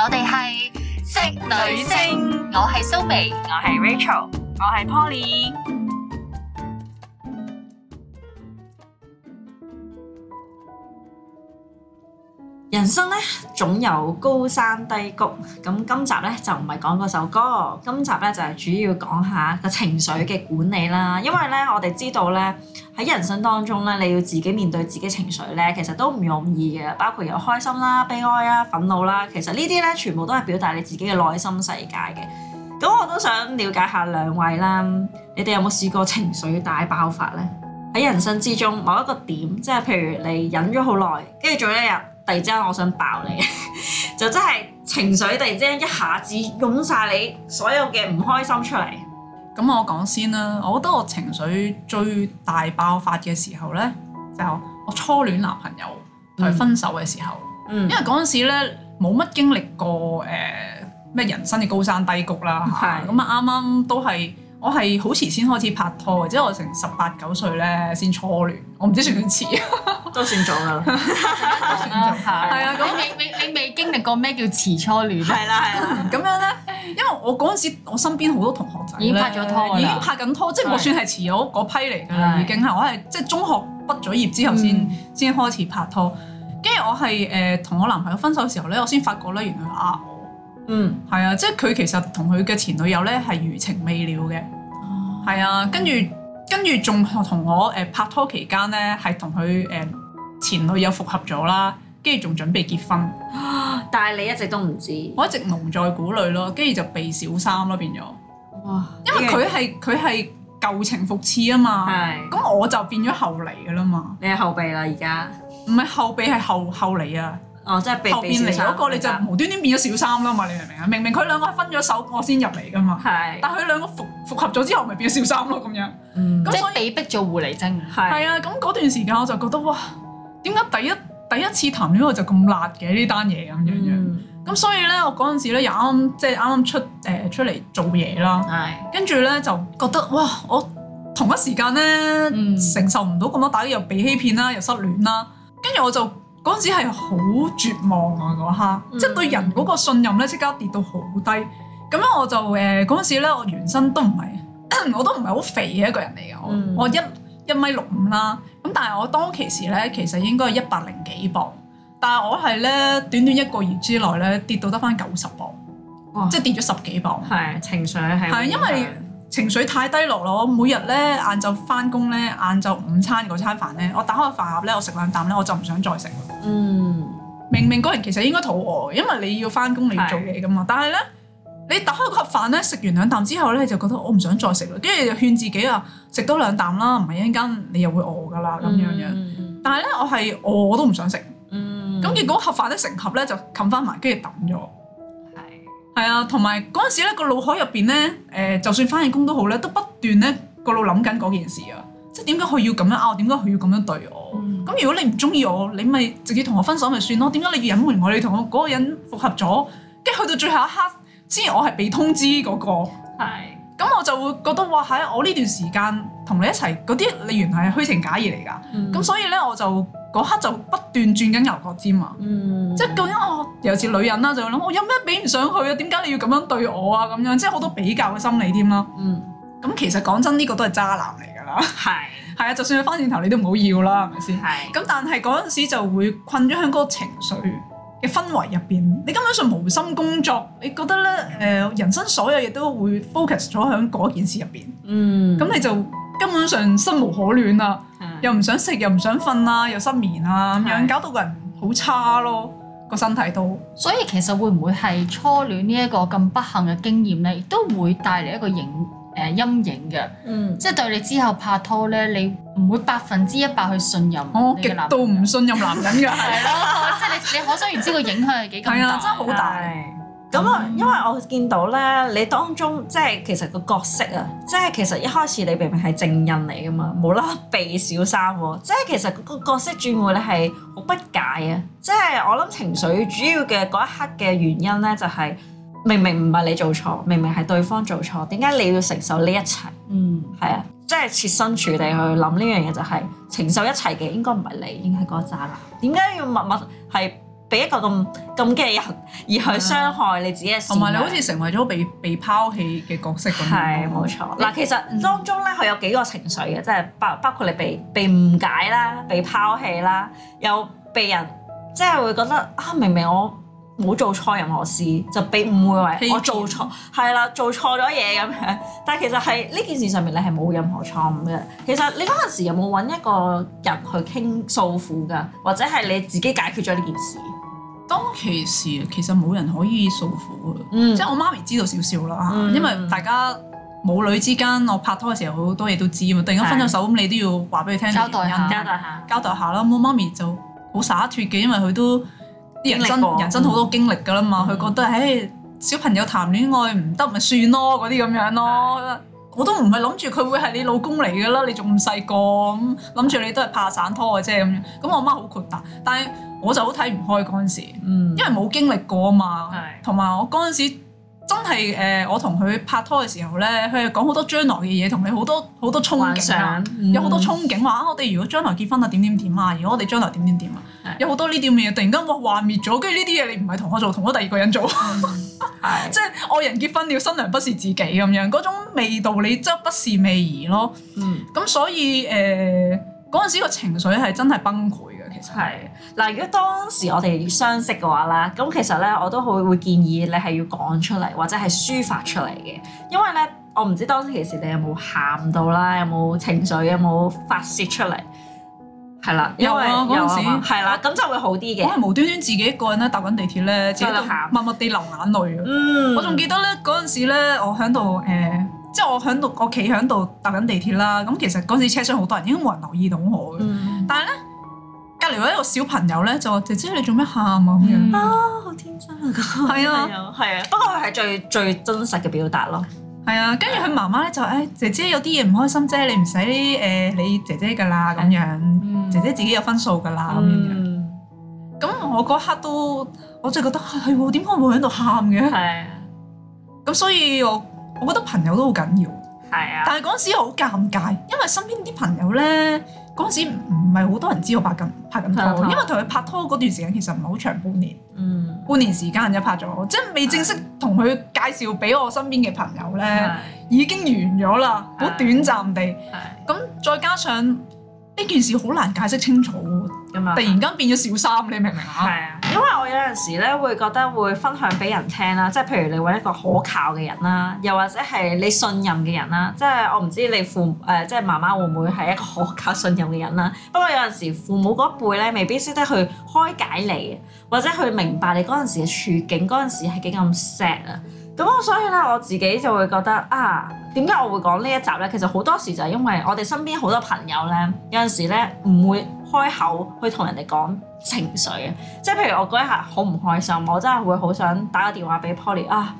我哋係職女聲，女聲我係蘇眉，我係 Rachel，我係 Polly。人生咧總有高山低谷，咁今集咧就唔係講嗰首歌，今集咧就係主要講下個情緒嘅管理啦。因為咧我哋知道咧喺人生當中咧，你要自己面對自己情緒咧，其實都唔容易嘅，包括有開心啦、悲哀啦、憤怒啦，其實呢啲咧全部都係表達你自己嘅內心世界嘅。咁我都想了解下兩位啦，你哋有冇試過情緒大爆發咧？喺人生之中某一個點，即係譬如你忍咗好耐，跟住做一日。突然之間我想爆你， 就真係情緒突然之間一下子湧晒你所有嘅唔開心出嚟。咁我講先啦，我覺得我情緒最大爆發嘅時候呢，就是、我初戀男朋友同佢分手嘅時候，嗯嗯、因為嗰陣時呢冇乜經歷過誒咩、呃、人生嘅高山低谷啦，咁是啊啱啱都係我係好遲先開始拍拖，或、就、者、是、我成十八九歲呢先初戀，我唔知算唔算遲、嗯 都算咗噶啦，係啊，咁你你你未經歷過咩叫遲初戀？係啦係啦，咁樣咧，因為我嗰陣時我身邊好多同學仔已經拍咗拖，已經拍緊拖，即係我算係遲咗嗰批嚟噶啦，已經係我係即係中學畢咗業之後先先開始拍拖，跟住我係誒同我男朋友分手時候咧，我先發覺咧原來啊，嗯，係啊，即係佢其實同佢嘅前女友咧係餘情未了嘅，係啊，跟住。跟住仲同我誒、呃、拍拖期間咧，係同佢誒前女友復合咗啦，跟住仲準備結婚。但係你一直都唔知，我一直蒙在鼓裏咯，跟住就被小三咯，變咗。哇！因為佢係佢係舊情復熾啊嘛，咁是我就變咗後嚟噶啦嘛。你係後備啦，而家唔係後備係後後嚟啊。哦，即係後邊嚟嗰個你就無端端變咗小三啦嘛，你明唔明啊？明明佢兩個係分咗手，我先入嚟噶嘛。係是。但係佢兩個復復合咗之後，咪變咗小三咯咁樣。嗯。所以被逼做狐狸精。係是。啊，咁嗰段時間我就覺得哇，點解第一第一次談戀愛就咁辣嘅呢單嘢咁樣樣？咁、嗯、所以咧，我嗰陣時咧又啱即係啱啱出誒、呃、出嚟做嘢啦。係是。跟住咧就覺得哇，我同一時間咧、嗯、承受唔到咁多打擊，又被欺騙啦，又失戀啦，跟住我就。嗰陣時係好絕望啊！嗰刻，嗯、即係對人嗰個信任咧，即刻跌到好低。咁樣我就誒嗰陣時咧，我原身都唔係， 我都唔係好肥嘅一個人嚟嘅。嗯、我一一米六五啦，咁但係我當其時咧，其實應該係一百零幾磅，但係我係咧短短一個月之內咧跌到得返九十磅，哦、即係跌咗十幾磅。係情緒係，係因為。情緒太低落咯，我每日咧晏晝翻工咧，晏晝午，午，午餐嗰餐飯咧，我打開個飯盒咧，我食兩啖咧，我就唔想再食。嗯，明明個人其實應該肚餓，因為你要翻工你要做嘢噶嘛，是但係咧你打開個盒飯咧，食完兩啖之後咧，就覺得我唔想再食咯，跟住就勸自己啊，食多兩啖啦，唔係一間你又會餓噶啦咁樣樣。但係咧我係餓我都唔想食。嗯，咁結果盒飯咧成盒咧就冚翻埋，跟住抌咗。係啊，同埋嗰陣時咧，個腦海入邊咧，誒、呃，就算翻緊工都好咧，都不斷咧個腦諗緊嗰件事啊！即係點解佢要咁樣拗？點解佢要咁樣對我？咁、嗯、如果你唔中意我，你咪直接同我分手咪算咯？點解你要隱瞞我？你同我嗰個人復合咗，跟住去到最後一刻，先至我係畀通知嗰，個。係。咁我就會覺得哇，喺、哎、我呢段時間同你一齊嗰啲，你原來係虛情假意嚟㗎。咁、嗯、所以咧，我就嗰刻就不斷轉緊牛角尖啊。嗯、即係究竟我尤其女人啦，就會諗我有咩比唔上去啊？點解你要咁樣對我啊？咁樣即係好多比較嘅心理添、啊、啦。咁、嗯嗯、其實講真，呢、呢個都係渣男嚟㗎啦。係係啊， 就算佢翻轉頭，你都唔好要啦，係咪先？咁是 但係嗰陣時就會困咗喺嗰個情緒。嘅氛圍入邊，你根本上無心工作，你覺得咧誒、嗯呃、人生所有嘢都會 focus 咗喺嗰件事入邊，咁、嗯、你就根本上身無可戀啦、啊嗯，又唔想食，又唔想瞓啦，又失眠啊咁樣，搞到、嗯、個人好差咯，個身體都。所以其實會唔會係初戀呢一個咁不幸嘅經驗咧，亦都會帶嚟一個影。誒陰影嘅，嗯、即係對你之後拍拖咧，你唔會百分之一百去信任，我、哦、極度唔信任男人嘅，係咯，即係你你可想而知個影響係幾大，係啊，真係好大。咁啊、嗯，因為我見到咧，你當中即係其實個角色啊，即係 其實一開始你明明係正印嚟噶嘛，冇啦啦避小三喎，即係其實個角色轉換咧係好不解啊，即、就、係、是、我諗情緒主要嘅嗰一刻嘅原因咧就係、是。明明唔係你做錯，明明係對方做錯，點解你要承受呢一切？嗯，係啊，即係設身處地去諗呢樣嘢，就係承受一切嘅應該唔係你，應該係嗰個渣男。點解要默默係俾一個咁咁嘅人而去傷害你自己嘅？同埋、啊、你好似成為咗被被拋棄嘅角色咁樣。係冇錯。嗱你，其實當中咧佢有幾個情緒嘅，即係包包括你被被誤解啦、被拋棄啦，又被人即係、就係、會覺得啊，明明,明,明我。冇做錯任何事，就被誤會為係我做錯，係啦，做錯咗嘢咁樣。但係其實係呢件事上面你係冇任何錯誤嘅。其實你嗰陣時有冇揾一個人去傾訴苦㗎？或者係你自己解決咗呢件事？當其時其實冇人可以訴苦啊。嗯、即係我媽咪知道少少啦，嗯、因為大家母女之間，我拍拖嘅時候好多嘢都知啊嘛。突然間分咗手，咁的你都要話俾佢聽。交代下，交代下，交代下啦。我媽咪就好灑脫嘅，因為佢都。啲人生人生好多經歷噶啦嘛，佢、嗯、覺得誒、欸、小朋友談戀愛唔得咪算咯，嗰啲咁樣咯，的我都唔係諗住佢會係你老公嚟噶啦，你仲唔細個咁諗住你都係拍散拖嘅啫，咁樣，咁我媽好豁達，但係我就好睇唔開嗰陣時，嗯、因為冇經歷過嘛，同埋的我嗰陣時。真係誒、呃，我同佢拍拖嘅時候咧，佢係講好多將來嘅嘢，同你好多好多憧憬，嗯、有好多憧憬話啊。我哋如果將來結婚啊，點點點啊。如果我哋將來點點點啊，的有好多呢啲咁嘅嘢，突然間我幻滅咗，跟住呢啲嘢你唔係同我做，同我第二個人做，即係愛人結婚了，新娘不是自己咁樣嗰種味道，你真不是味兒咯。咁、嗯、所以誒，嗰、呃、陣時個情緒係真係崩潰。係嗱，如果當時我哋相識嘅話啦，咁其實咧我都會會建議你係要講出嚟或者係抒發出嚟嘅，因為咧我唔知當時其實你有冇喊到啦，有冇情緒有冇發泄出嚟？係啦，因為嗰陣時係啦，咁就會好啲嘅。我係無端端自己一個人咧，搭緊地鐵咧，自己喺度喊，默默地流眼淚、嗯、我仲記得咧嗰陣時咧、嗯，我喺度誒，即係我喺度，我企喺度搭緊地鐵啦。咁其實嗰陣時車廂好多人，應該冇人留意到我嘅、嗯、但係咧。另外一個小朋友咧，就話姐姐你做咩喊啊咁樣啊，好天真啊！係啊，係啊。不過佢係最最真實嘅表達咯。係啊，跟住佢媽媽咧就誒，姐姐有啲嘢唔開心啫，你唔使誒你姐姐噶啦咁樣。姐姐自己有分數噶啦咁樣。咁我嗰刻都我就覺得係喎，點解會喺度喊嘅？係。咁所以，我我覺得朋友都好緊要。係啊。但係嗰時好尷尬，因為身邊啲朋友咧。嗰陣時唔係好多人知我拍緊拍緊拖，因為同佢拍拖嗰段時間其實唔係好長半年。嗯、半年時間一拍咗，即係未正式同佢介紹俾我身邊嘅朋友咧，的已經完咗啦，好的短暫地。咁再加上呢件事好難解釋清楚。突然間變咗小三，你明唔明啊？係啊，因為我有陣時咧會覺得會分享俾人聽啦，即係譬如你揾一個可靠嘅人啦，又或者係你信任嘅人啦。即係我唔知你父母、呃，即係媽媽會唔會係一個可靠信任嘅人啦？不過有陣時父母嗰輩咧，未必識得去開解你，或者去明白你嗰陣時嘅處境，嗰陣時係幾咁 sad 啊！咁我所以咧我自己就會覺得啊，點解我會講呢一集咧？其實好多時就係因為我哋身邊好多朋友咧，有陣時咧唔會，開口去同人哋講情緒啊，即係譬如我嗰一下好唔開心，我真係會好想打個電話俾 Poly 啊，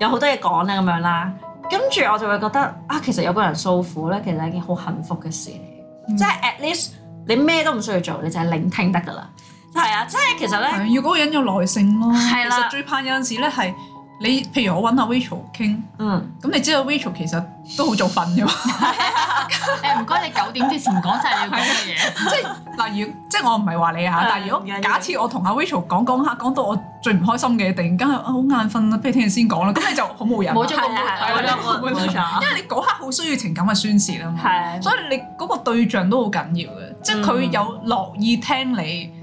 有好多嘢講咧咁樣啦，跟住我就會覺得啊，其實有個人訴苦咧，其實係一件好幸福嘅事嚟，嗯、即係 at least 你咩都唔需要做，你就係聆聽得噶啦。係、嗯、啊，即係其實咧要嗰個人有耐性咯、啊。係啦，最怕有陣時咧係你，譬如我揾阿 Rachel 傾，嗯，咁你知道 Rachel 其實都好早瞓㗎嘛。誒唔該， 哎、你九點之前講晒你要講嘅嘢。即係嗱，如果即係我唔係話你嚇，但係如果假設我同阿 Rachel 講講下，講到我最唔開心嘅，突然間係好眼瞓，不如聽日先講啦。咁你就好冇人。冇咗冇錯。因為你嗰刻好需要情感嘅宣泄啊嘛。係。所以你嗰個對象都好緊要嘅，即係佢有樂意聽你。嗯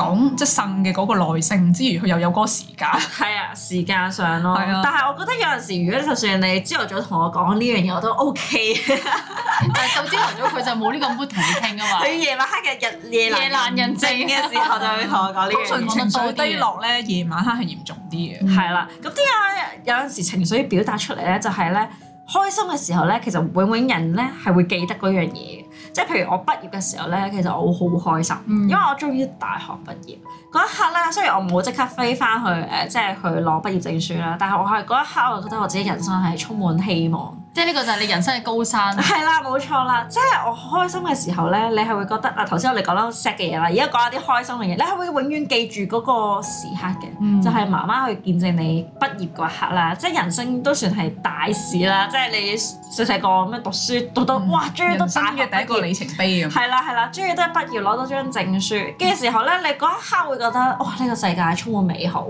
講即係呻嘅嗰個耐性之餘，佢又有嗰個時間。係 啊，時間上咯。係啊。但係我覺得有陣時，如果就算你朝頭早同我講呢樣嘢，嗯、我都 OK。 但係早朝頭早佢就冇呢個 motivation 傾啊嘛。你 夜晚黑嘅日夜夜闌人靜嘅時候，就去同我講呢樣。情緒低落咧，嗯、夜晚黑係嚴重啲嘅。係啦、嗯，咁啲啊有陣時情緒表達出嚟咧，就係、是、咧。開心嘅時候咧，其實永永人咧係會記得嗰樣嘢嘅，即係譬如我畢業嘅時候咧，其實我好開心，嗯、因為我終於大學畢業嗰一刻咧，雖然我唔會即刻飛翻去誒、呃，即係去攞畢業證書啦，但係我係嗰一刻，我覺得我自己人生係充滿希望。即係呢個就係你人生嘅高山。係啦，冇錯啦。即係我開心嘅時候咧，你係會覺得啊，頭先我哋講到 sad 嘅嘢啦，而家講下啲開心嘅嘢，你係會永遠記住嗰個時刻嘅，嗯、就係媽媽去見證你畢業嗰一刻啦。即係人生都算係大事啦。即係你細細個咩讀書，讀到哇，嗯、終於都打約第一個里程碑咁。係啦係啦，終於都畢業攞到張證書，嘅住、嗯、時候咧，你嗰一刻會覺得哇，呢、呢個世界充滿美好，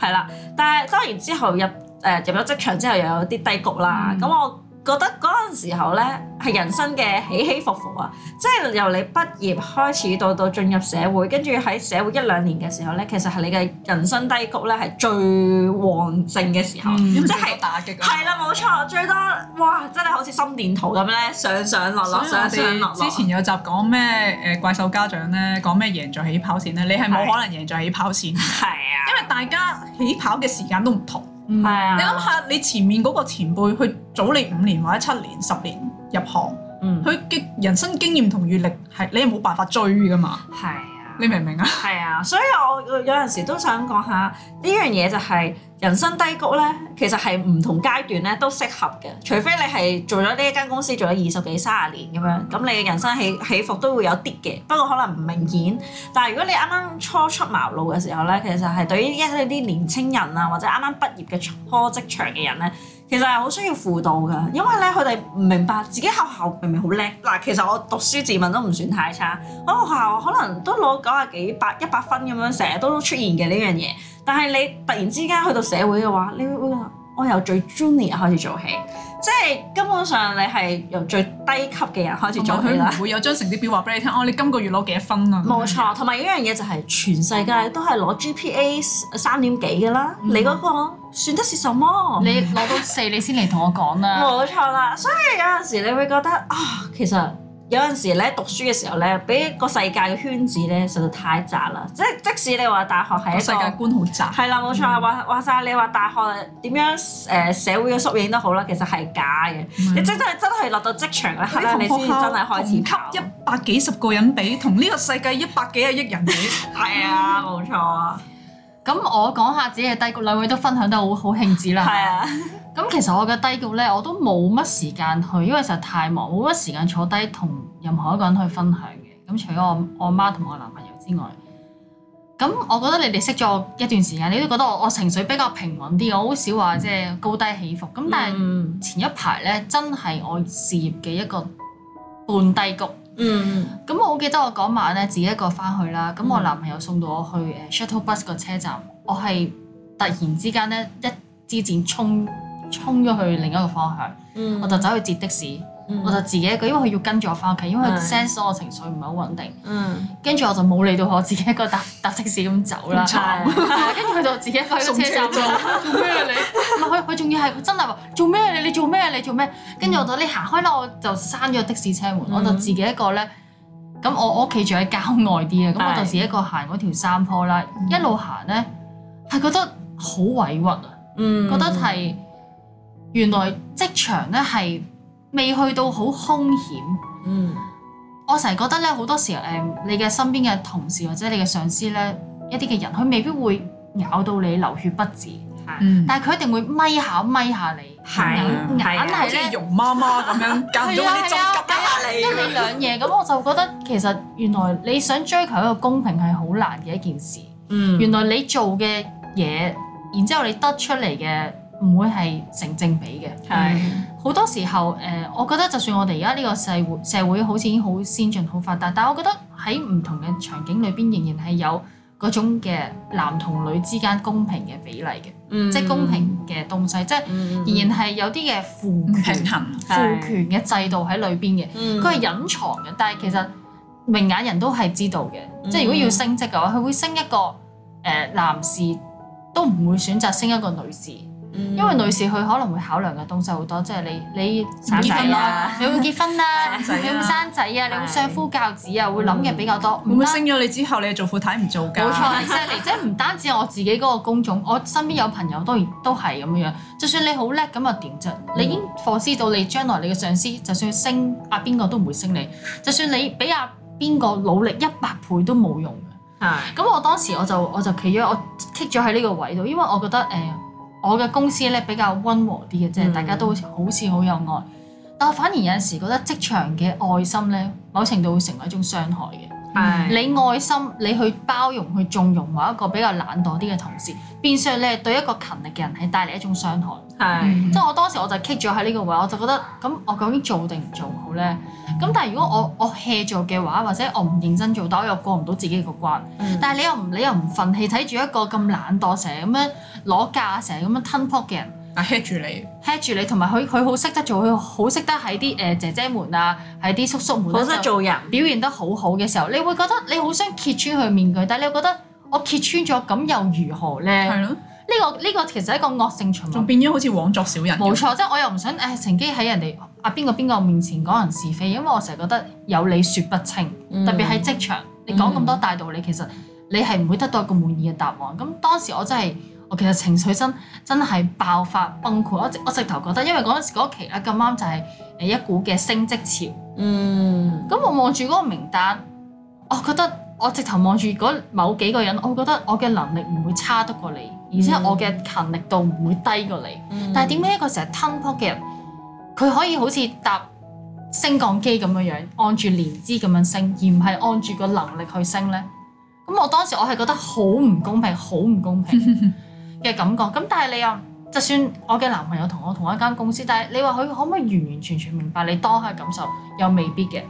係啦。但係當然之後入。誒入咗職場之後又有啲低谷啦，咁、嗯、我覺得嗰陣時候咧係人生嘅起起伏伏啊，即係由你畢業開始到到進入社會，跟住喺社會一兩年嘅時候咧，其實係你嘅人生低谷咧係最旺盛嘅時候，嗯、即係是、嗯、打擊。係啦，冇、啊、錯，最多哇，真係好似心電圖咁咧，上上落落，上上落落。之前有集講咩誒怪獸家長咧，講咩贏在起跑線咧，你係冇可能贏在起跑線的，因為大家起跑嘅時間都唔同。係啊！Mm hmm. Yeah. 你諗下，你前面嗰個前輩去早你五年或者七年、十年入行，佢嘅、mm hmm. 人生經驗同閲歷係你係冇辦法追㗎嘛？係。Yeah. 你明唔明啊？係啊，所以我有陣時都想講下呢樣嘢，這個、就係人生低谷咧，其實係唔同階段咧都適合嘅，除非你係做咗呢一間公司做咗二十幾、三十年咁樣，咁你嘅人生起起伏都會有啲嘅，不過可能唔明顯。但係如果你啱啱初出茅廬嘅時候咧，其實係對於一啲年輕人啊，或者啱啱畢業嘅初職場嘅人咧。其實係好需要輔導㗎，因為呢，佢哋唔明白自己學校明明好叻。嗱，其實我讀書自問都唔算太差，我學校可能都攞九啊幾百、百一百分咁樣，成日都出現嘅呢樣嘢。但係你突然之間去到社會嘅話，你會會我由最 junior 開始做起。即係根本上，你係由最低級嘅人開始做起啦。佢唔會有張成績表話俾你聽， 哦，你今個月攞幾多分啊？冇錯，同埋一樣嘢就係，全世界都係攞 GPA 三點幾㗎啦。Mm hmm. 你嗰個算得是什麼？你攞到四， 你先嚟同我講啦。冇 錯啦，所以有陣時你會覺得啊、哦，其實。有陣時咧，讀書嘅時候咧，俾個世界嘅圈子咧，實在太窄啦！即係即使你話大學係世界觀好窄。係啦了，冇、嗯、錯啊！話話曬你話大學點樣誒社會嘅縮影都好啦，其實係假嘅。嗯、你真真係真係落到職場咧，係啦這些 方，你先真係開始吸一百幾十個人比，同呢個世界一百幾啊億人比。係、 嗯、啊，冇錯啊。咁 我講下自己嘅低谷，兩位都分享得好好興致啦。係啊。 咁其實我嘅低谷呢，我都冇乜時間去，因為實在太忙冇乜時間坐低同任何一個人去分享嘅。咁除咗我我媽同我男朋友之外，咁我覺得你哋識咗我一段時間，你都覺得我我情緒比較平穩啲，我好少話即係高低起伏。咁但係前一排呢，真係我事業嘅一個半低谷。嗯，咁我好記得我嗰晚呢，自己一個翻去啦。咁我男朋友送到我去誒 Shuttle Bus 個車站，我係突然之間呢，一支箭衝。衝咗去另一個方向，我就走去截的士，我就自己一個，因為佢要跟住我翻屋企，因為 sense 到我情緒唔係好穩定。跟住我就冇理到我自己一個搭搭的士咁走啦。跟住佢就自己一個去車站做咩啊？你佢佢仲要係佢真係話做咩你你做咩你做咩？跟住我就你行開啦，我就閂咗的士車門，我就自己一個咧。咁我我屋企住喺郊外啲嘅，咁我就自己一個行嗰條山坡啦，一路行咧係覺得好委屈啊，覺得係。原來職場咧係未去到好兇險，嗯，我成日覺得咧好多時候誒，你嘅身邊嘅同事或者你嘅上司咧一啲嘅人，佢未必會咬到你流血不止，但係佢一定會咪下咪下你，係啊，眼係咧，容媽媽咁樣間中啲針下你，一你兩嘢，咁我就覺得其實原來你想追求一個公平係好難嘅一件事，原來你做嘅嘢，然之後你得出嚟嘅，唔會係成正比嘅，係好是、嗯、多時候誒、呃。我覺得，就算我哋而家呢個社會，社會好似已經好先進、好發達，但係我覺得喺唔同嘅場景裏邊，仍然係有嗰種嘅男同女之間公平嘅比例嘅，嗯、即係公平嘅東西，即係仍然係有啲嘅父權、衡是父權嘅制度喺裏邊嘅。佢係、嗯、隱藏嘅，但係其實明眼人都係知道嘅。嗯、即係如果要升職嘅話，佢會升一個誒、呃、男士，都唔會選擇升一個女士。因為女士佢可能會考量嘅東西好多，即係你你結婚啦，你會結婚啦，你會生仔啊，你會相夫教子啊，會諗嘅比較多。會唔會升咗你之後，你做婦太唔做㗎？冇錯，即係唔單止係我自己嗰個工種，我身邊有朋友當然都係咁樣。就算你好叻咁又點啫？你已經 foresee 到你將來你嘅上司，就算升阿邊個都唔會升你。就算你俾阿邊個努力一百倍都冇用。係。咁我當時我就我就企咗我咗喺呢個位度，因為我覺得誒。我嘅公司咧比較温和啲嘅，即係大家都好似好有愛。嗯、但我反而有陣時覺得職場嘅愛心呢，某程度會成為一種傷害嘅。嗯、你愛心，你去包容、去縱容某一個比較懶惰啲嘅同事，變相你係對一個勤力嘅人係帶嚟一種傷害。係，嗯、即係我當時我就棘咗喺呢個位，我就覺得咁，我究竟做定唔做好咧？咁但係如果我我 hea 做嘅話，或者我唔認真做，到，我又過唔到自己個關。嗯、但係你又唔你又唔忿氣，睇住一個咁懶惰成日咁樣攞架，成日咁樣吞泡嘅人 hea 住你 hea 住你，同埋佢佢好識得做，佢好識得喺啲誒姐姐們啊，喺啲叔叔們好、啊、識做人，表現得好好嘅時候，你會覺得你好想揭穿佢面具，但係你又覺得我揭穿咗，咁又如何咧？ 呢個呢個其實係一個惡性循環，仲變咗好似枉作小人。冇錯，即係我又唔想誒乘機喺人哋啊邊個邊個面前講人是非，因為我成日覺得有理説不清，嗯、特別喺職場，你講咁多大道理，嗯、其實你係唔會得到一個滿意嘅答案。咁當時我真係，我其實情緒真真係爆發崩潰，我直我直頭覺得，因為嗰時嗰期啊咁啱就係誒一股嘅升職潮，嗯，咁、嗯、我望住嗰個名單，我覺得。我直頭望住某幾個人，我覺得我嘅能力唔會差得過你，而且我嘅勤力度唔會低過你。嗯、但係點解一個成日吞撲嘅人，佢可以好似搭升降機咁樣樣按住年資咁樣升，而唔係按住個能力去升呢？咁我當時我係覺得好唔公平，好唔公平嘅感覺。咁 但係你又、啊，就算我嘅男朋友同我同一間公司，但係你話佢可唔可以完完全全明白你當下感受，又未必嘅。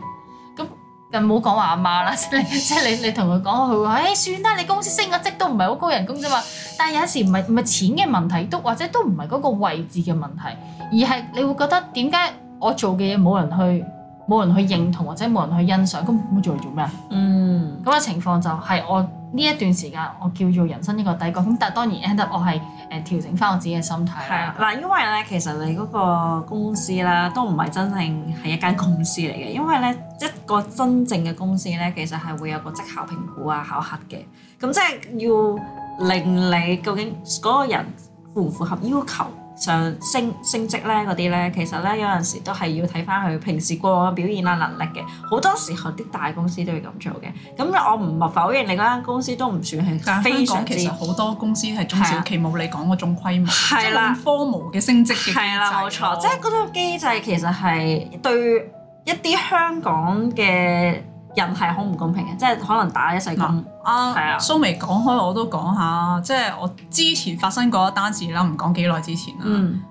媽媽 就唔好講話阿媽啦，即係你你同佢講，佢話：誒、哎、算啦，你公司升個職都唔係好高人工啫嘛。但係有時唔係唔係錢嘅問題，都或者都唔係嗰個位置嘅問題，而係你會覺得點解我做嘅嘢冇人去冇人去認同，或者冇人去欣賞，咁我做嚟做咩啊？嗯，咁嘅情況就係我。呢一段時間，我叫做人生一個低谷。咁但係當然，阿德我係誒調整翻我自己嘅心態。係啊的，嗱以，因為咧，其實你嗰個公司啦，都唔係真正係一間公司嚟嘅。因為咧，一個真正嘅公司咧，其實係會有個績效評估啊、考核嘅。咁即係要令你究竟嗰個人符唔符合要求？上升升職咧嗰啲咧，其實咧有陣時都係要睇翻佢平時過往嘅表現啦、能力嘅。好多時候啲大公司都會咁做嘅。咁我唔係否認你嗰間公司都唔算係非常之。但香港其實好多公司係中小企，冇你講嗰種規模，即係咁規模嘅升職嘅機制。係啦、係啦，冇、啊啊、錯。即係嗰種機制其實係對一啲香港嘅。人係好唔公平嘅，即係可能打一世工啊。係啊。蘇眉講開我都講下，即係我之前發生過一單事啦，唔講幾耐之前啦。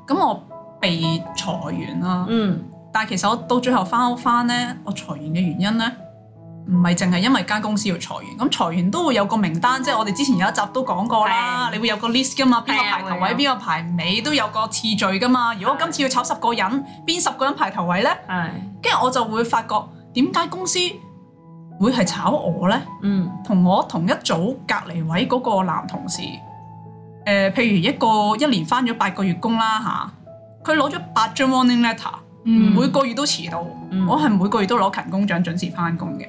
咁我被裁員啦。嗯。但係其實我到最後翻屋翻咧，我裁員嘅原因咧，唔係淨係因為間公司要裁員。咁裁員都會有個名單，即係我哋之前有一集都講過啦，你會有個 list 㗎嘛，邊個排頭位，邊個排尾都有個次序㗎嘛。如果今次要炒十個人，邊十個人排頭位咧？係。跟住我就會發覺點解公司會係炒我呢，嗯，同我同一組隔離位嗰個男同事，呃、譬如一個一年翻咗八個月工啦嚇，佢攞咗八張 warning letter，嗯、每個月都遲到，嗯、我係每個月都攞勤工獎準時翻工嘅。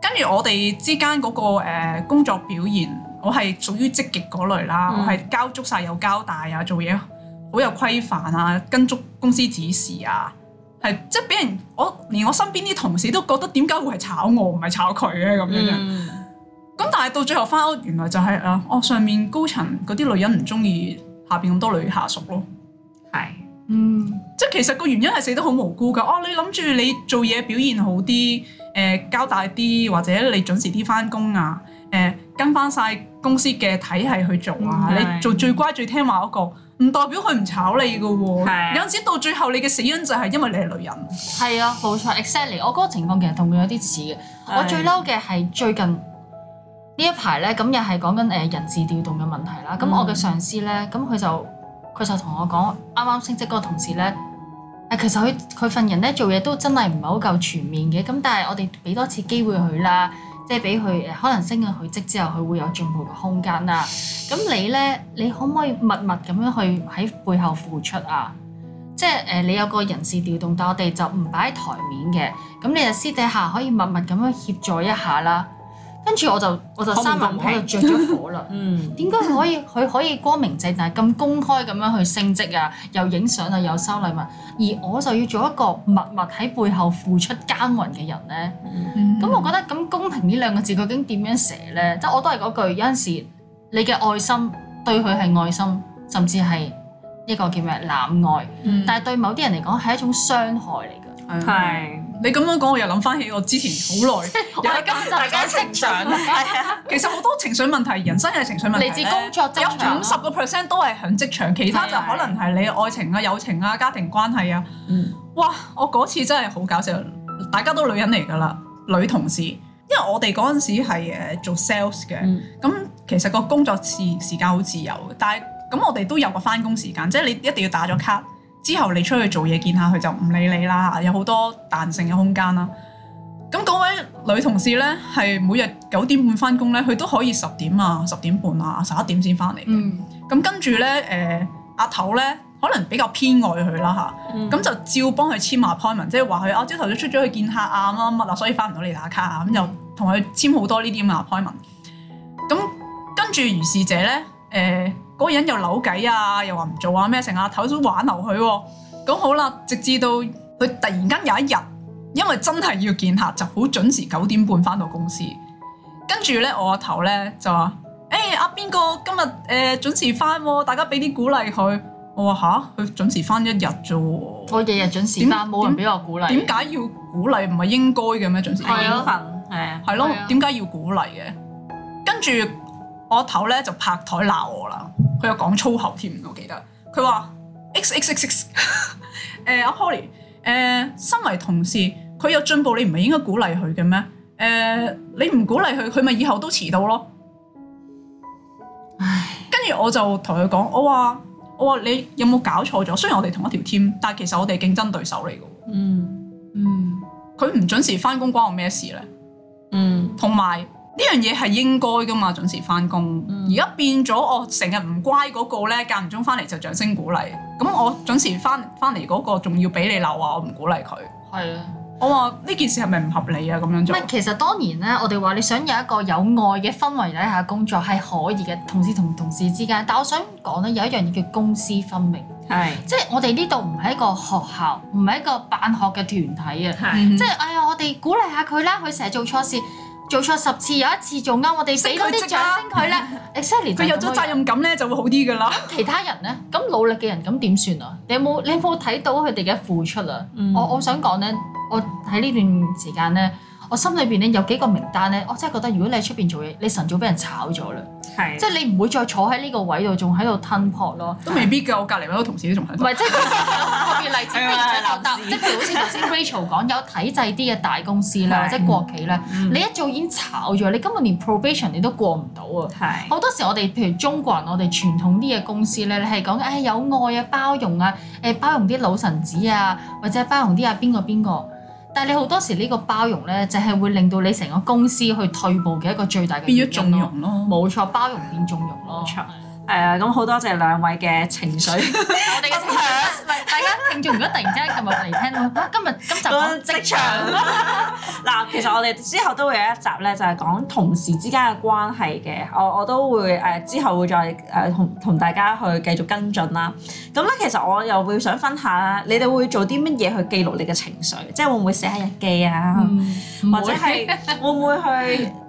跟住我哋之間嗰、嗰個、呃、工作表現，我係屬於積極嗰類啦，嗯、我係交足晒有交代啊，做嘢好有規範啊，跟足公司指示啊。係，即係俾人，我連我身邊啲同事都覺得點解會係炒我，唔係炒佢嘅咁樣。咁，嗯，但係到最後翻屋，原來就係啊，我上面高層嗰啲女人唔中意下邊咁多女下屬咯。係，嗯，即係其實個原因係死得好無辜噶。哦，你諗住你做嘢表現好啲，誒，交大啲，或者你準時啲翻工啊，誒，跟翻晒公司嘅體系去做啊，係，你做最乖最聽話嗰個。唔代表佢唔炒你噶喎，係有陣時到最後你嘅死因就係因為你係女人。係啊，冇錯，exactly。我嗰個情況其實同佢有啲似嘅。哎、我最嬲嘅係最近呢一排呢，咁又係講緊誒人事調動嘅問題啦。咁我嘅上司呢，咁佢、嗯、就佢就同我講，啱啱升職嗰個同事呢，誒其實佢佢份人呢，做嘢都真係唔係好夠全面嘅。咁但係我哋俾多次機會佢啦。即係俾佢誒，可能升咗佢職之後，佢會有進步嘅空間啦。咁你咧，你可唔可以默默咁樣去喺背後付出啊？即係誒、呃，你有個人事調動，但我哋就唔擺喺台面嘅。咁你就私底下可以默默咁樣協助一下啦。跟住我就我就三文唔可，可、， 嗯、可以著火啦。點解佢可以佢可以光明正大咁公開咁樣去升職啊？又影相啊，又收禮物，而我就要做一個默默喺背後付出耕耘嘅人咧？咁、嗯嗯、我覺得咁公平呢兩個字究竟點樣寫咧？即、就、係、是、我都係嗰句，有陣時你嘅愛心對佢係愛心，甚至係一個叫咩濫愛，嗯、但係對某啲人嚟講係一種傷害嚟。係，你咁樣講，我又諗翻起我之前好耐，我哋根本就係講情緒，係啊。 其實好多情緒問題，人生嘅情緒問題嚟自工作，有五十個 percent 都係響職場，其他就可能係你愛情啊、友情啊、家庭關係啊、嗯。哇，我嗰次真係好搞笑，大家都女人嚟噶啦，女同事，因為我哋嗰陣時係誒做 sales 嘅，咁、嗯、其實個工作時時間好自由，但係咁我哋都有個翻工時間，即係你一定要打咗卡。之後你出去做嘢見下佢就唔理你啦，有好多彈性嘅空間啦。咁嗰位女同事呢，係每日九點半翻工呢，佢都可以十點啊、十點半啊、十一點先翻嚟。咁跟住呢，誒、呃、阿頭呢可能比較偏愛佢啦嚇，咁、啊嗯、就照幫佢簽埋 appointment、嗯、即係話佢啊朝頭早出咗去見客啊乜乜啊，所以翻唔到嚟打卡啊，咁、嗯嗯、就同佢簽好多呢啲咁 appointment。咁跟住如是者呢。誒、呃。呃嗰個人又扭計啊，又話唔做啊咩，成阿頭都玩流佢，咁好啦。直至到佢突然間有一日，因為真係要見客，就好準時九點半翻到公司。跟住咧，我阿頭咧就話，誒、呃，阿邊個今日誒準時翻，大家俾啲鼓勵佢。我話吓，佢準時翻一日啫。我日日準時，但冇為為人俾我鼓勵。點解要鼓勵？唔係應該嘅咩？準時係啊，係啊，係咯、啊。點解、啊、要鼓勵嘅？跟住。我頭咧就拍台鬧我啦，佢又講粗口添，我記得佢話 x x x x，誒阿 Polly 誒身為同事，佢有進步，你唔係應該鼓勵佢嘅咩？誒、呃、你唔鼓勵佢，佢咪以後都遲到咯。唉，跟住我就同佢講，我話我話你有冇搞錯咗？雖然我哋同一條 team，但係其實我哋競爭對手嚟㗎。嗯嗯，佢唔、嗯、準時翻工關我咩事咧？嗯，同埋。呢樣嘢係應該㗎嘛，準時返工。而家、嗯、變咗，我成日唔乖嗰個咧，間唔中返嚟就掌聲鼓勵。咁我準時返返嚟嗰個，仲要俾你鬧啊！我唔鼓勵佢。係啊，我話呢件事係咪唔合理啊？咁樣做？其實當然咧，我哋話你想有一個有愛嘅氛圍底下工作係可以嘅，同事同同事之間。但我想講咧，有一樣嘢叫公私分明。係，即係我哋呢度唔係一個學校，唔係一個辦學嘅團體啊。即係哎呀，我哋鼓勵下佢啦，佢成日做錯事。做錯十次，有一次仲啱，我哋俾多啲獎勵佢咧。e x c 佢有咗責任感咧，就會好啲噶啦。咁其他人咧，咁努力嘅人咁點算啊？你有冇你有冇睇到佢哋嘅付出啊、嗯？我我想講咧，我喺呢段時間咧，我心裏邊咧有幾個名單咧，我真係覺得如果你喺出邊做嘢，你晨早俾人炒咗啦。即係你唔會再坐喺呢個位度，仲喺度吞泡咯，都未必㗎。的我隔離嗰個同事都仲喺度。唔係， 即、就、係、是、特別例子，即係譬如好似頭先 Rachel 講，有體制啲嘅大公司咧，或者的國企咧，嗯、你一早已經炒咗，你根本連 probation 你都過唔到啊。好的多時我哋譬如中國人，我哋傳統啲嘅公司咧，你係講誒有愛啊，包容啊，誒包容啲老臣子啊，或者包容啲啊邊個邊個。但係你好多時呢個包容呢，就係會令到你成個公司去退步嘅一個最大嘅變咗縱容咯，冇錯，包容變縱容咯，冇錯。誒咁、uh, 好多謝兩位嘅情緒， 我哋嘅情緒， 大家聽眾。如果突然之間今日嚟聽到、 啊，今日今集職場嗱， 其實我哋之後都會有一集咧，就係、是、講同事之間嘅關係嘅。我我都會誒之後會再誒、呃、同同大家去繼續跟進啦。咁咧其實我又會想分下啦，你哋會做啲乜嘢去記錄你嘅情緒？即係會唔會寫下日記啊？嗯、或者係會唔會去？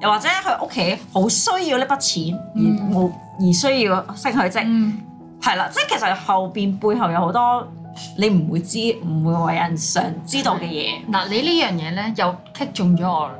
又或者佢屋企好需要呢筆錢，嗯、而冇而需要升佢職，係啦、嗯。即係其實後邊背後有好多你唔會知、唔會為人想知道嘅嘢。嗱、嗯，你呢樣嘢咧又擊中咗我啦。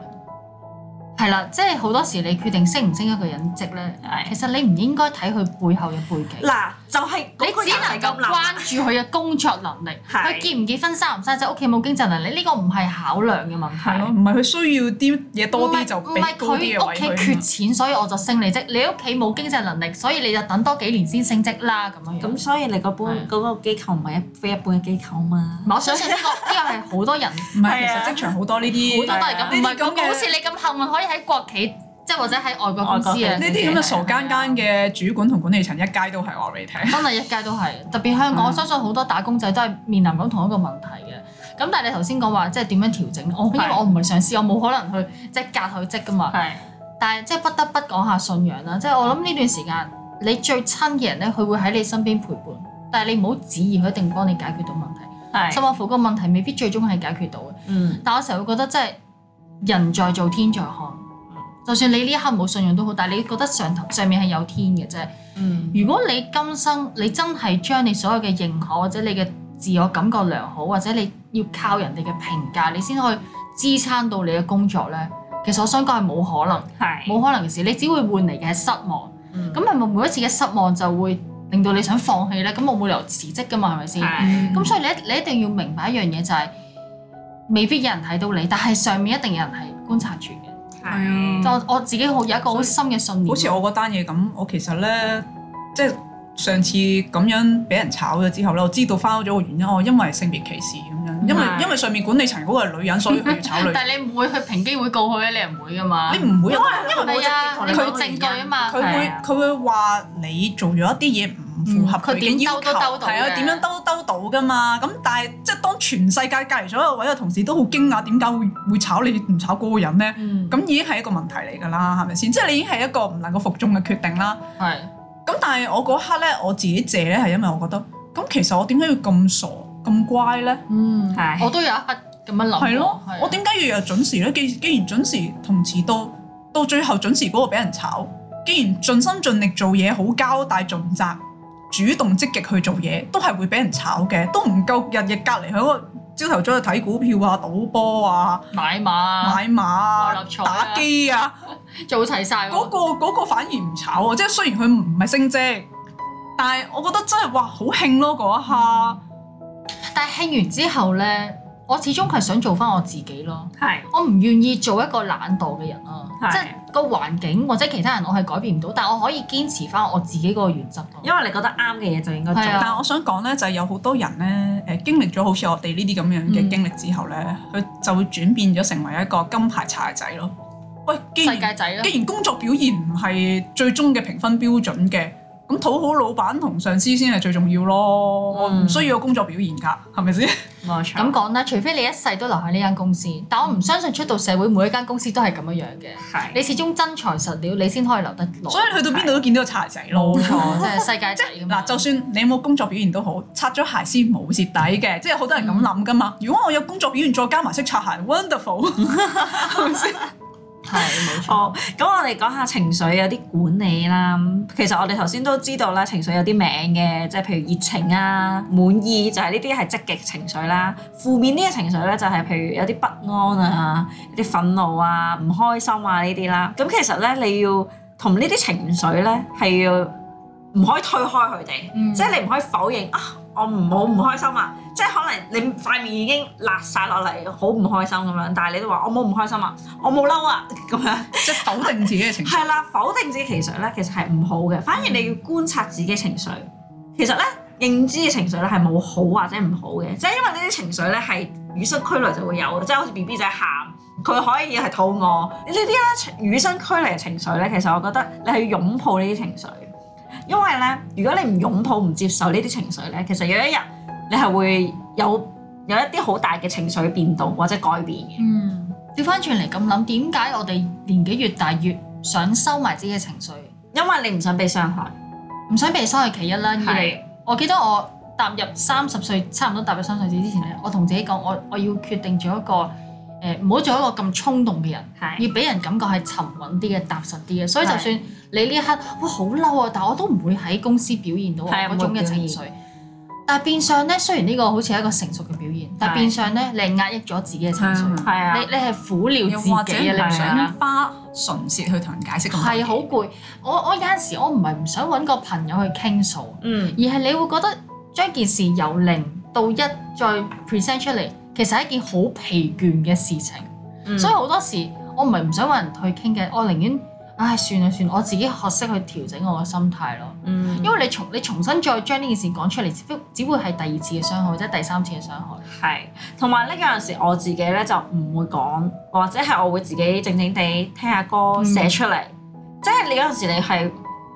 係啦，即係好多時你決定升唔升一個人職咧，其實你唔應該睇佢背後嘅背景。嗱、啊，就係、是、你只能夠關注佢嘅工作能力，佢 是結唔結婚、生唔生仔、屋企冇經濟能力呢、這個唔係考量嘅問題。係咯、啊，唔係佢需要啲嘢多啲就唔係佢屋企缺錢，所以我就升你職。你屋企冇經濟能力，所以你就等多幾年先升職啦咁樣。咁所以你嗰般嗰個機構唔係一非一般嘅機構嘛？我想講呢、這個呢、這個係好多人。唔係 是，其實職場好多呢啲好多都係咁。唔、啊那個、好似你咁幸運可以。喺國企，即係或者喺外國公司啊！呢啲咁嘅傻奸奸嘅主管同管理層一街都係話俾你聽，真係一街都係。特別香港，我相信好多打工仔都係面臨緊同一個問題嘅。咁但係你頭先講話，即係點樣調整？我因為我唔係上司，我冇可能去即係隔佢職噶嘛。但係即係不得不講下信仰啦。即係我諗呢段時間，你最親嘅人咧，佢會喺你身邊陪伴，但係你唔好指意佢一定幫你解決到問題。係，甚至乎，個問題未必最終係解決到嘅。但我成日會覺得，即係人在做，天在看。就算你呢一刻冇信仰都好，但係你覺得上頭上面係有天嘅啫。嗯、如果你今生你真係將你所有嘅認可或者你嘅自我感覺良好，或者你要靠人哋嘅評價，你先可以支撐到你嘅工作咧，其實我想講係冇可能，冇是可能嘅事。你只會換嚟嘅係失望。咁係咪每一次嘅失望就會令到你想放棄咧？咁我冇理由辭職㗎嘛？係咪先？咁是、嗯、所以你，你一定要明白一樣嘢就係、是、未必有人睇到你，但係上面一定有人係觀察住。係啊，但、嗯、我自己好有一個好深嘅信念。好似我嗰單嘢咁，我其實咧即係上次咁樣俾人炒咗之後咧，我知道翻咗咗個原因，我因為性別歧視咁樣，因為因為上面管理層嗰個係女人，所以咪炒女。 但係你唔會去平機會告佢嘅，你唔會噶嘛？你唔會，因為因你講佢證據啊嘛，佢會佢會話你做咗一啲嘢唔符合佢點要求係啊？點樣兜兜到噶嘛？咁但係即係當全世界隔離咗一位嘅同事都好驚訝，點解會會炒你唔炒嗰個人咧？咁、嗯、已經係一個問題嚟噶啦，係咪先？即係你已經係一個唔能夠服眾嘅決定啦。係咁是，但係我嗰刻咧，我自己借咧係因為我覺得咁。其實我點解要咁傻咁乖咧？嗯，唉我都有一刻咁樣諗係咯。我點解要又準時咧？既既然準時，同時到到最後準時嗰個俾人炒，既然盡心盡力做嘢好交代，但係仲唔責？主動積極去做嘢，都係會俾人炒嘅，都唔夠日日隔離喺個朝頭早去睇股票啊、賭波啊、買馬、買馬、打機啊，啊 做齊晒、嗰個。嗰、嗰個反而唔炒啊！即係雖然佢唔係升職，但係我覺得真係哇好興咯嗰一下。但係興完之後咧，我始終係想做翻我自己咯，的我唔願意做一個懶惰嘅人咯，的即係個環境或者其他人我係改變唔到，但我可以堅持翻我自己嗰個原則。因為你覺得啱嘅嘢就應該做。的但係我想講咧，就係有好多人咧，誒經歷咗好似我哋呢啲咁樣嘅經歷之後咧，佢、嗯、就會轉變咗成為一個金牌茶仔咯。喂，既然世界仔，既然工作表現唔係最終嘅評分標準嘅。咁討好老闆同上司先係最重要咯，我唔需要有工作表現㗎，係咪先？冇錯。咁講啦，除非你一世都留喺呢間公司，但我唔相信出到社會每一間公司都係咁樣樣嘅。係。你始終真材實料，你先可以留得落。所以去到邊度都見到擦鞋仔。冇錯，即係世界仔。即係嗱，就算你有冇工作表現都好，擦咗鞋先冇蝕底嘅，即係好多人咁諗噶嘛。如果我有工作表現，再加埋識擦鞋，wonderful，係冇錯，咁、 哦、我哋講下情緒有啲管理啦。其實我哋頭先都知道啦，情緒有啲名嘅，即係譬如熱情啊、滿意，就係呢啲係積極情緒啦。負面呢個情緒咧，就係譬如有啲不安啊、啲憤怒啊、唔開心啊呢啲啦。咁其實咧，你要同呢啲情緒咧係要唔可以推開佢哋，即係、嗯、你唔可以否認啊。我唔好唔開心啊！即係可能你塊面已經辣晒落嚟，好唔開心咁樣，但係你都話我冇唔開心啊，我冇嬲啊咁樣， 即係否定自己嘅情緒。係啦， 否定自己情緒咧，其實係唔好嘅，反而你要觀察自己情緒。其實咧，認知嘅情緒咧係冇好或者唔好嘅，即係因為呢啲情緒咧係與生俱來就會有，即係好似 B B 仔喊，佢可以係肚餓，呢啲咧與生俱嚟嘅情緒咧，其實我覺得你係要擁抱呢啲情緒。因為咧，如果你唔擁抱、唔接受呢啲情緒咧，其實有一日你係會有有一啲好大嘅情緒變動或者改變嘅。嗯，調翻轉嚟咁諗，點解我哋年紀越大越想收埋自己嘅情緒？因為你唔想被傷害，唔想被傷害其一啦，二嚟是我記得我踏入三十歲，差唔多踏入三十歲之前咧，我同自己講，我我要決定做一個。誒唔好做一個咁衝動嘅人，的要俾人感覺係沉穩啲嘅、踏實啲嘅。所以就算你呢一刻哇好嬲啊，但係我都唔會喺公司表現到我嗰種嘅情緒。但係變相咧，雖然呢個好似係一個成熟嘅表現，的但係變相咧，你壓抑咗自己嘅情緒，你你係苦了自己嘅，你唔想花唇舌去同人解釋。係好攰，我我有陣時我唔係唔想揾個朋友去傾訴，嗯，而係你會覺得將件事由零到一再 present 出嚟。其實係一件好疲倦嘅事情，嗯、所以好多時我唔係唔想搵人去傾嘅，我寧願唉算啦算，我自己學識去調整我嘅心態咯。嗯，因為你重你重新再將呢件事講出嚟，只不只會係第二次嘅傷害，或者第三次嘅傷害。係，同埋呢有陣時我自己咧就唔會講，或者係我會自己靜靜地聽下歌寫出嚟。即係、嗯、你有陣時你係。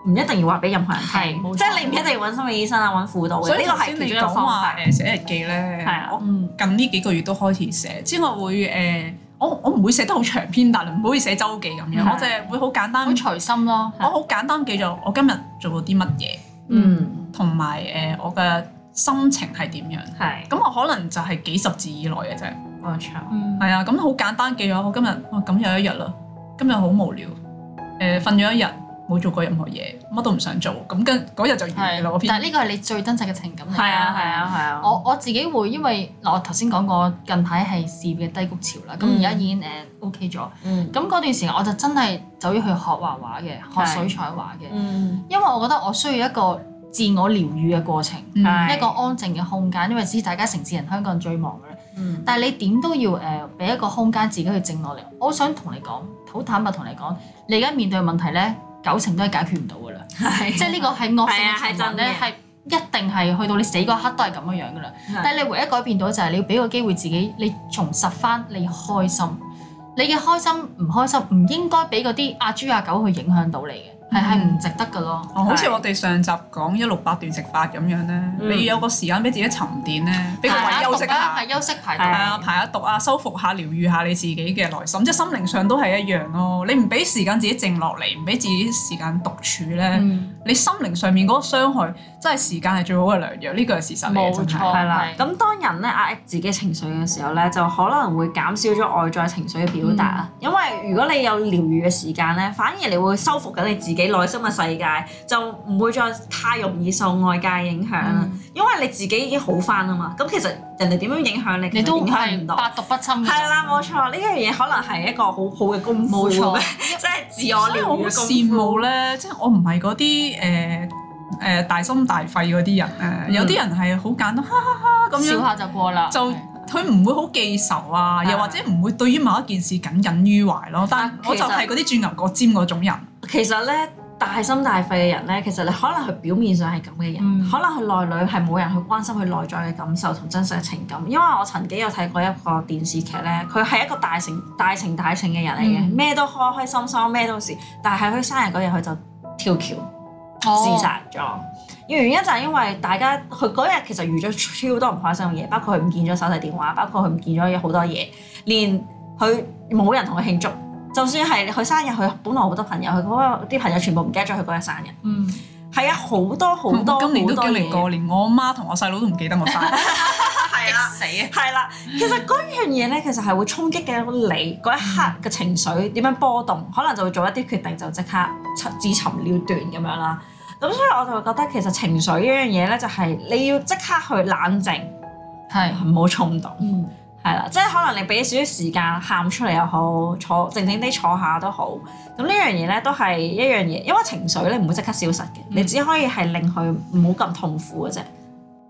唔一定要話俾任何人聽，即係你唔一定要揾心理醫生啊，揾輔導嘅呢個係。首先你講話誒寫日記咧，係啊，近呢幾個月都開始寫。之我會誒，我我唔會寫得好長篇大論，唔會寫周記咁樣，我凈係會好簡單，好隨心咯。我好簡單記咗我今日做咗啲乜嘢，嗯，同埋誒我嘅心情係點樣？係咁，我可能就係幾十字以內嘅啫。冇錯，係啊，咁好簡單記咗我今日，哇！咁又一日啦，今日好無聊，誒瞓咗一日。冇做過任何嘢，乜都唔想做，咁跟嗰日就完啦嗰篇。但係呢個係你最真實嘅情感。係啊，係啊，係啊。我我自己會因為嗱，我頭先講過近排係事業嘅低谷潮啦，咁而家已經誒、uh, OK 咗。嗯。咁嗰段時間我就真係走咗去學畫畫嘅，學水彩畫嘅。嗯、因為我覺得我需要一個自我療愈嘅過程，的一個安靜嘅空間。因為知大家城市人，香港人最忙嘅啦。嗯、但係你點都要誒俾、呃、一個空間自己去靜落嚟。我想同你講，好坦白同你講，你而家面對問題咧。九成都係解決唔到噶啦，啊、即係呢個係惡性嘅情況係、啊、一定係去到你死嗰刻都係咁樣樣噶啦。啊、但係你唯一改變到就係你要俾個機會自己，你重拾翻你開心，你嘅開心唔開心唔應該俾嗰啲阿豬阿、啊、狗去影響到你嘅。係係唔值得㗎咯、嗯！好似我哋上集講是一六八斷食法咁樣咧，嗯、你要有個時間俾自己沉澱咧，比較為休息啊，休息排毒啊，排下毒啊，修復下、療愈下你自己嘅內心，即係心靈上都係一樣咯。你唔俾時間自己靜落嚟，唔俾自己時間獨處咧，嗯、你心靈上面嗰個傷害，真係時間係最好嘅良藥，呢個係事實嚟啦。咁錯、啊啊、當人咧壓抑自己情緒嘅時候咧，就可能會減少咗外在情緒嘅表達啊。嗯、因為如果你有療愈嘅時間咧，反而你會修復緊你自己。你內心嘅世界就唔會再太容易受外界影響啦，嗯、因為你自己已經好翻啦嘛。咁其實人哋點樣影響你，你都影響唔到，百毒不侵。係啦，冇錯，呢樣嘢可能係一個好好嘅功夫，冇錯，即係自我。即係我好羨慕咧，即、就、係、是、我唔係嗰啲誒誒大心大肺嗰啲人誒，有啲人係好簡單哈哈哈咁樣下就過啦。就佢唔會好記仇啊，啊又或者唔會對於某一件事耿耿於懷咯。但我就係嗰啲鑽牛角尖嗰種人。其實咧，大心大肺嘅人咧，其實你可能佢表面上係咁嘅人，嗯、可能佢內裏係冇人去關心佢內在嘅感受同真實嘅情感。因為我曾經有睇過一個電視劇咧，佢係一個大情大情大情嘅人嚟嘅，咩、嗯、都開開心心，咩都事。但係佢生日嗰日，佢就跳橋自、哦、殺咗。原因就係因為大家佢嗰日其實遇咗超多唔開心嘅嘢，包括佢唔見咗手提電話，包括佢唔見咗好多嘢，連佢冇人同佢慶祝。就算係佢生日，佢本來好多朋友，佢嗰啲朋友全部唔記得咗佢嗰日生日。嗯，係啊，好多好多、嗯。今年多都驚嘅。過年我媽同我細佬都唔記得我生日，激死啊！係啦 的， 其實嗰樣嘢咧，其實係會衝擊嘅你嗰一刻嘅情緒點樣波動，嗯、 可能就會做一啲決定，就即刻自尋了斷咁樣啦。咁所以我就覺得其實情緒呢樣嘢咧，就係你要即刻去冷靜，係唔好衝動，係啦、嗯，即係可能你俾少少時間喊出嚟又好，坐靜靜地坐下都好。咁呢樣嘢咧都係一樣嘢，因為情緒咧唔會即刻消失嘅，嗯、你只可以係令佢唔好咁痛苦嘅啫。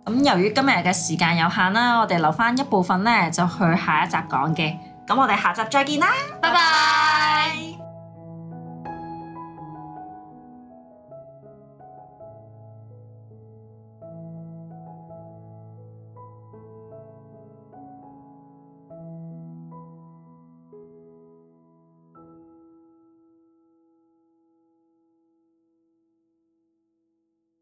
咁由於今日嘅時間有限啦，我哋留翻一部分咧，就去下一集講嘅。咁我哋下集再見啦，拜拜。